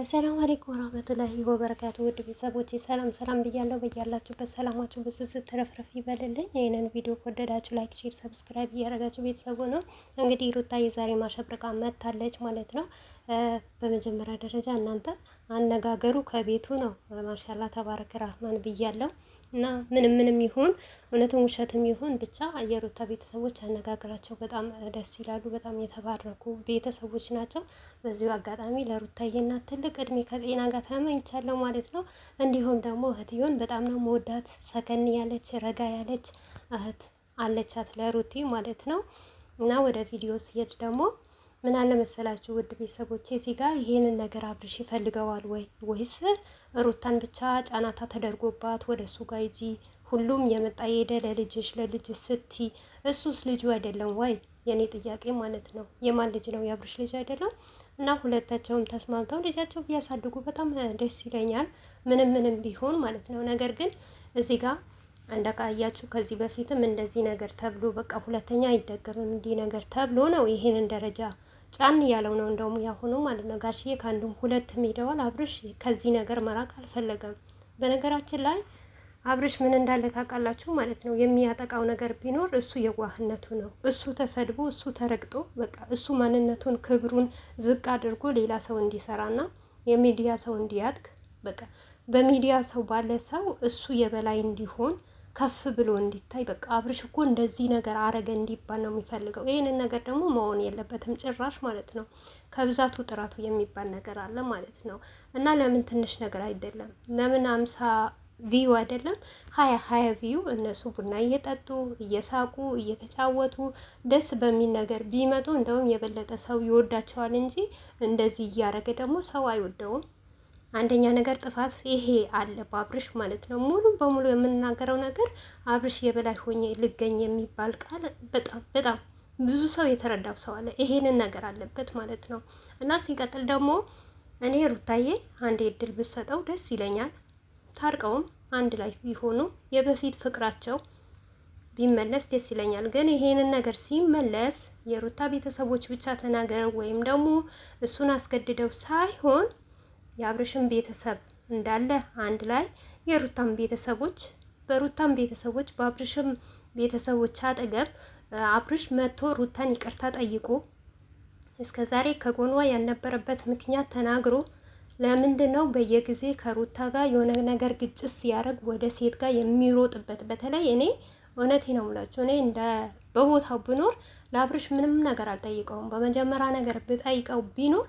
አሰላሙ አለይኩም ወራህመቱላሂ ወበረካቱ ውድ ቤተሰቦች ሰላም ሰላም ብያለሁ። በያላችሁበት ሰላማችሁ ብዙ ትረፍረፍ ይበልልኝ። ይህንን ቪዲዮ ከወደዳችሁ ላይክ፣ ሼር፣ ሰብስክራይብ እያደረጋችሁ ቤተሰቡ ነው እንግዲህ ሩታ የዛሬ ማሸብርቃ መጥታለች ማለት ነው። በመጀመሪያ ደረጃ እናንተ አነጋገሩ ከቤቱ ነው። ማሻላ ተባረክ ራህማን ብያለው እና ምንም ምንም ይሁን እውነትም ውሸትም ይሁን ብቻ የሩታ ቤተሰቦች አነጋገራቸው በጣም ደስ ይላሉ። በጣም የተባረኩ ቤተሰቦች ናቸው። በዚሁ አጋጣሚ ለሩታ የና ትልቅ እድሜ ከጤና ጋር ተመኝቻለሁ ማለት ነው። እንዲሁም ደግሞ ይሁን በጣም ነው መወዳት። ሰከን ያለች ረጋ ያለች እህት አለቻት ለሩቴ ማለት ነው እና ወደ ቪዲዮ ስሄድ ደግሞ ምን አለ መሰላችሁ ውድ ቤተሰቦች እዚህ ጋር ይህንን ነገር አብርሽ ይፈልገዋል ወይ ወይስ ሩታን ብቻ ጫናታ ተደርጎባት ወደ እሱ ጋር ሂጂ ሁሉም የመጣ የሄደ ለልጅሽ ለልጅ ስቲ እሱስ ልጁ አይደለም ወይ የኔ ጥያቄ ማለት ነው የማን ልጅ ነው የአብርሽ ልጅ አይደለም እና ሁለታቸውም ተስማምተው ልጃቸው ቢያሳድጉ በጣም ደስ ይለኛል ምንም ምንም ቢሆን ማለት ነው ነገር ግን እዚህ ጋር እንደቃያችሁ ከዚህ በፊትም እንደዚህ ነገር ተብሎ በቃ ሁለተኛ አይደገምም እንዲህ ነገር ተብሎ ነው ይሄንን ደረጃ ጫን እያለው ነው እንደውም ያሁኑ ማለት ነው። ጋሽዬ ከአንዱም ሁለትም ሄደዋል። አብርሽ ከዚህ ነገር መራቅ አልፈለገም። በነገራችን ላይ አብርሽ ምን እንዳለ ታውቃላችሁ ማለት ነው። የሚያጠቃው ነገር ቢኖር እሱ የዋህነቱ ነው። እሱ ተሰድቦ፣ እሱ ተረግጦ፣ በቃ እሱ ማንነቱን ክብሩን ዝቅ አድርጎ ሌላ ሰው እንዲሰራና የሚዲያ ሰው እንዲያድግ በቃ በሚዲያ ሰው ባለ ሰው እሱ የበላይ እንዲሆን ከፍ ብሎ እንዲታይ በቃ አብርሽ እኮ እንደዚህ ነገር አረገ እንዲባል ነው የሚፈልገው። ይህንን ነገር ደግሞ መሆን የለበትም ጭራሽ ማለት ነው። ከብዛቱ ጥራቱ የሚባል ነገር አለ ማለት ነው። እና ለምን ትንሽ ነገር አይደለም ለምን አምሳ ቪዩ አይደለም ሀያ ሀያ ቪዩ እነሱ ቡና እየጠጡ እየሳቁ እየተጫወቱ ደስ በሚል ነገር ቢመጡ እንደውም የበለጠ ሰው ይወዳቸዋል እንጂ እንደዚህ እያደረገ ደግሞ ሰው አይወደውም። አንደኛ ነገር ጥፋት ይሄ አለ በአብርሽ ማለት ነው። ሙሉ በሙሉ የምናገረው ነገር አብርሽ የበላይ ሆኜ ልገኝ የሚባል ቃል በጣም በጣም ብዙ ሰው የተረዳው ሰው አለ። ይሄንን ነገር አለበት ማለት ነው። እና ሲቀጥል ደግሞ እኔ ሩታዬ አንድ እድል ብሰጠው ደስ ይለኛል። ታርቀውም አንድ ላይ ቢሆኑ የበፊት ፍቅራቸው ቢመለስ ደስ ይለኛል። ግን ይሄንን ነገር ሲመለስ የሩታ ቤተሰቦች ብቻ ተናገረው ወይም ደግሞ እሱን አስገድደው ሳይሆን የአብርሽን ቤተሰብ እንዳለ አንድ ላይ የሩታም ቤተሰቦች በሩታም ቤተሰቦች በአብርሽም ቤተሰቦች አጠገብ አብርሽ መጥቶ ሩታን ይቅርታ ጠይቆ እስከ ዛሬ ከጎኗ ያልነበረበት ምክንያት ተናግሮ ለምንድን ነው በየጊዜ ከሩታ ጋር የሆነ ነገር ግጭት ሲያደርግ ወደ ሴት ጋር የሚሮጥበት? በተለይ እኔ እውነቴ ነው የምላችሁ እኔ እንደ በቦታው ብኖር ለአብርሽ ምንም ነገር አልጠይቀውም። በመጀመሪያ ነገር ብጠይቀው ቢኖር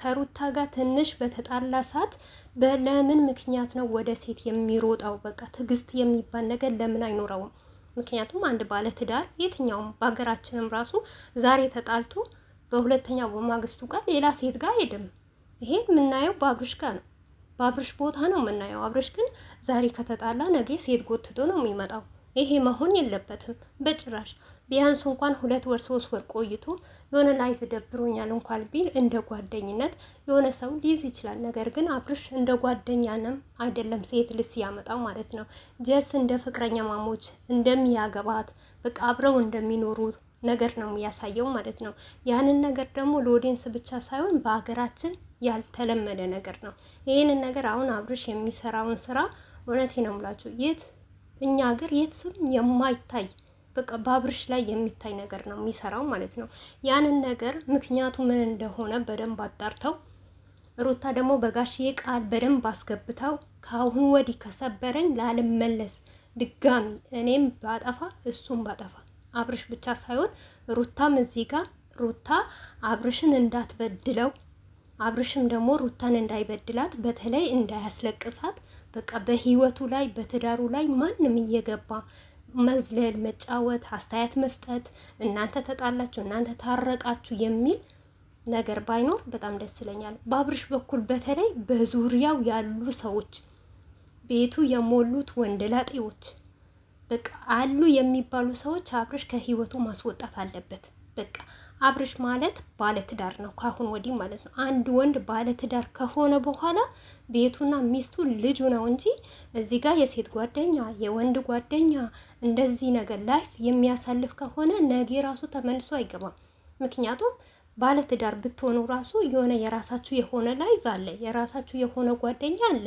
ከሩታ ጋር ትንሽ በተጣላ ሰዓት በለምን ምክንያት ነው ወደ ሴት የሚሮጠው? በቃ ትዕግስት የሚባል ነገር ለምን አይኖረውም? ምክንያቱም አንድ ባለ ትዳር የትኛውም በሀገራችንም ራሱ ዛሬ ተጣልቶ በሁለተኛው በማግስቱ ቀን ሌላ ሴት ጋር አይሄድም። ይሄ የምናየው ባብርሽ ጋር ነው፣ ባብርሽ ቦታ ነው የምናየው። አብርሽ ግን ዛሬ ከተጣላ ነገ ሴት ጎትቶ ነው የሚመጣው። ይሄ መሆን የለበትም በጭራሽ። ቢያንስ እንኳን ሁለት ወር ሶስት ወር ቆይቶ የሆነ ላይፍ ደብሮኛል እንኳን ቢል እንደ ጓደኝነት የሆነ ሰው ሊይዝ ይችላል። ነገር ግን አብርሽ እንደ ጓደኛንም አይደለም ሴት ልስ ያመጣው ማለት ነው። ጀስ እንደ ፍቅረኛ ማሞች እንደሚያገባት በቃ አብረው እንደሚኖሩ ነገር ነው የሚያሳየው ማለት ነው። ያንን ነገር ደግሞ ለኦዲየንስ ብቻ ሳይሆን በሀገራችን ያልተለመደ ነገር ነው። ይህንን ነገር አሁን አብርሽ የሚሰራውን ስራ እውነቴ ነው የምላችሁ የት እኛ ሀገር የትም የማይታይ በቃ በአብርሽ ላይ የሚታይ ነገር ነው የሚሰራው ማለት ነው። ያንን ነገር ምክንያቱ ምን እንደሆነ በደንብ አጣርተው ሩታ ደግሞ በጋሽዬ ቃል በደንብ አስገብተው ከአሁን ወዲህ ከሰበረኝ ላልመለስ ድጋሚ እኔም ባጠፋ እሱም ባጠፋ አብርሽ ብቻ ሳይሆን ሩታም እዚህ ጋር ሩታ አብርሽን እንዳትበድለው አብርሽም ደግሞ ሩታን እንዳይበድላት በተለይ እንዳያስለቅሳት በቃ በህይወቱ ላይ በትዳሩ ላይ ማንም እየገባ መዝለል፣ መጫወት፣ አስተያየት መስጠት እናንተ ተጣላችሁ፣ እናንተ ታረቃችሁ የሚል ነገር ባይኖር በጣም ደስ ይለኛል። በአብርሽ በኩል በተለይ በዙሪያው ያሉ ሰዎች ቤቱ የሞሉት ወንደላጤዎች በቃ አሉ የሚባሉ ሰዎች አብርሽ ከህይወቱ ማስወጣት አለበት በቃ አብርሽ ማለት ባለትዳር ነው፣ ካሁን ወዲህ ማለት ነው። አንድ ወንድ ባለትዳር ከሆነ በኋላ ቤቱና ሚስቱ ልጁ ነው እንጂ እዚህ ጋር የሴት ጓደኛ፣ የወንድ ጓደኛ እንደዚህ ነገር ላይፍ የሚያሳልፍ ከሆነ ነገ ራሱ ተመልሶ አይገባም። ምክንያቱም ባለትዳር ብትሆኑ ራሱ የሆነ የራሳችሁ የሆነ ላይፍ አለ፣ የራሳችሁ የሆነ ጓደኛ አለ።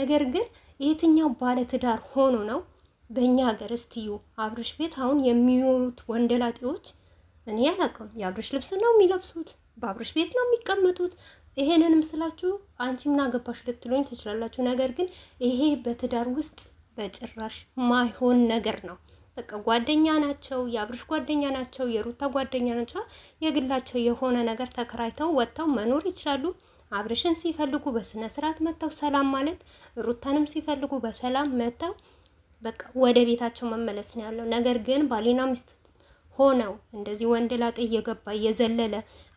ነገር ግን የትኛው ባለትዳር ሆኖ ነው በእኛ ሀገር? እስትዩ አብርሽ ቤት አሁን የሚኖሩት ወንደላጤዎች እኔ አላውቅም። የአብርሽ ልብስ ነው የሚለብሱት፣ በአብርሽ ቤት ነው የሚቀመጡት። ይሄንንም ስላችሁ አንቺ ምን አገባሽ ልትሉኝ ትችላላችሁ። ነገር ግን ይሄ በትዳር ውስጥ በጭራሽ ማይሆን ነገር ነው። በቃ ጓደኛ ናቸው፣ የአብርሽ ጓደኛ ናቸው፣ የሩታ ጓደኛ ናቸው። የግላቸው የሆነ ነገር ተከራይተው ወጥተው መኖር ይችላሉ። አብርሽን ሲፈልጉ በስነ ስርዓት መጥተው ሰላም ማለት፣ ሩታንም ሲፈልጉ በሰላም መጥተው በቃ ወደ ቤታቸው መመለስ ነው ያለው። ነገር ግን ባልና ሚስት ሆነው እንደዚህ ወንድ ላጤ እየገባ እየዘለለ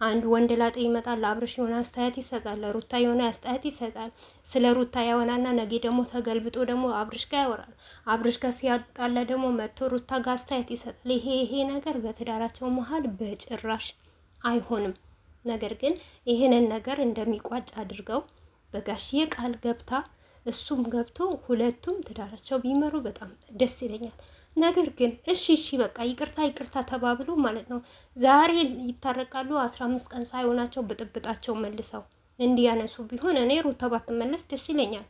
አንድ ወንድ ላጤ ይመጣል። አብርሽ የሆነ አስተያየት ይሰጣል፣ ለሩታ የሆነ አስተያየት ይሰጣል። ስለ ሩታ ያወናና ነገ ደግሞ ተገልብጦ ደግሞ አብርሽ ጋር ያወራል። አብርሽ ጋር ሲያጣለ ደግሞ መጥቶ ሩታ ጋር አስተያየት ይሰጣል። ይሄ ይሄ ነገር በትዳራቸው መሀል በጭራሽ አይሆንም። ነገር ግን ይህንን ነገር እንደሚቋጭ አድርገው በጋሽዬ ቃል ገብታ እሱም ገብቶ ሁለቱም ትዳራቸው ቢመሩ በጣም ደስ ይለኛል። ነገር ግን እሺ እሺ በቃ ይቅርታ ይቅርታ ተባብሎ ማለት ነው ዛሬ ይታረቃሉ። አስራ አምስት ቀን ሳይሆናቸው ብጥብጣቸው መልሰው እንዲያነሱ ቢሆን እኔ ሩታ ባትመለስ ደስ ይለኛል።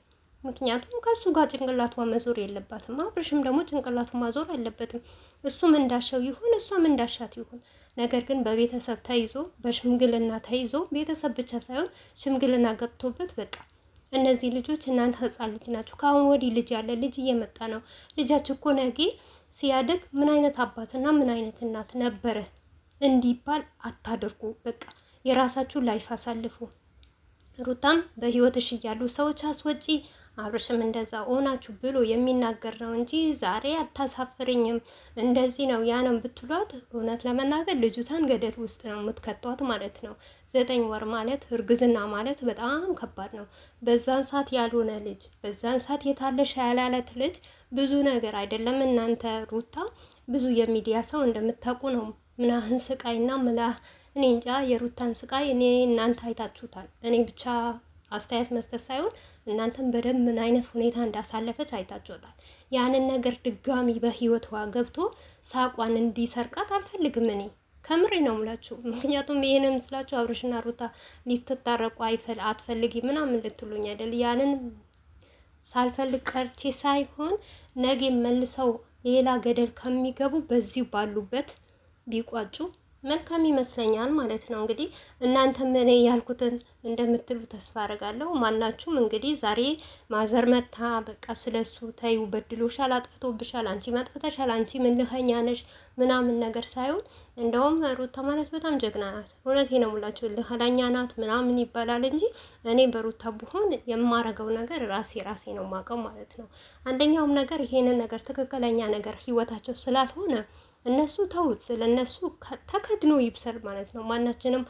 ምክንያቱም ከእሱ ጋር ጭንቅላቷ መዞር የለባትም። አብርሽም ደግሞ ጭንቅላቱ ማዞር አለበትም። እሱም እንዳሻው ይሁን እሷም እንዳሻት ይሁን። ነገር ግን በቤተሰብ ተይዞ በሽምግልና ተይዞ ቤተሰብ ብቻ ሳይሆን ሽምግልና ገብቶበት በቃ እነዚህ ልጆች እናንተ ህጻን ልጅ ናችሁ። ከአሁን ወዲህ ልጅ ያለ ልጅ እየመጣ ነው። ልጃችሁ እኮ ነገ ሲያድግ ምን አይነት አባትና ምን አይነት እናት ነበረ እንዲባል አታደርጉ። በቃ የራሳችሁ ላይፍ አሳልፉ። ሩታም በህይወትሽ እያሉ ሰዎች አስወጪ አብርሽም እንደዛ ሆናችሁ ብሎ የሚናገር ነው እንጂ ዛሬ አታሳፍርኝም እንደዚህ ነው ያንም ብትሏት፣ እውነት ለመናገር ልጅቷን ገደል ውስጥ ነው የምትከቷት ማለት ነው። ዘጠኝ ወር ማለት እርግዝና ማለት በጣም ከባድ ነው። በዛን ሰዓት ያልሆነ ልጅ፣ በዛን ሰዓት የታለሽ ያላለት ልጅ ብዙ ነገር አይደለም። እናንተ ሩታ ብዙ የሚዲያ ሰው እንደምታውቁ ነው ምናህን ስቃይና ምላህ እኔ እንጃ የሩታን ስቃይ እኔ እናንተ አይታችሁታል። እኔ ብቻ አስተያየት መስጠት ሳይሆን እናንተም በደንብ ምን አይነት ሁኔታ እንዳሳለፈች አይታችኋታል። ያንን ነገር ድጋሚ በህይወቷ ገብቶ ሳቋን እንዲሰርቃት አልፈልግም እኔ ከምሬ ነው የምላችሁ። ምክንያቱም ይህን ምስላችሁ አብርሽና ሩታ ሊትታረቁ አይፈል አትፈልጊ ምናምን ልትሉኝ አይደል? ያንን ሳልፈልግ ቀርቼ ሳይሆን ነገ መልሰው ሌላ ገደል ከሚገቡ በዚህ ባሉበት ቢቋጩ መልካም ይመስለኛል ማለት ነው። እንግዲህ እናንተም እኔ ያልኩትን እንደምትሉ ተስፋ አደርጋለሁ። ማናችሁም እንግዲህ ዛሬ ማዘር መታ በቃ ስለሱ ተዩ፣ በድሎሻል፣ አጥፍቶብሻል፣ አንቺ ማጥፍተሻል፣ አንቺ ምልኸኛ ነሽ ምናምን ነገር ሳይሆን እንደውም ሩታ ማለት በጣም ጀግና ናት። እውነቴ ነው ሙላችሁ ልኸላኛ ናት ምናምን ይባላል እንጂ እኔ በሩታ ብሆን የማረገው ነገር ራሴ ራሴ ነው ማቀው ማለት ነው። አንደኛውም ነገር ይሄንን ነገር ትክክለኛ ነገር ህይወታቸው ስላልሆነ እነሱ ተውት። ስለ እነሱ ተከድኖ ይብሰል ማለት ነው ማናችንም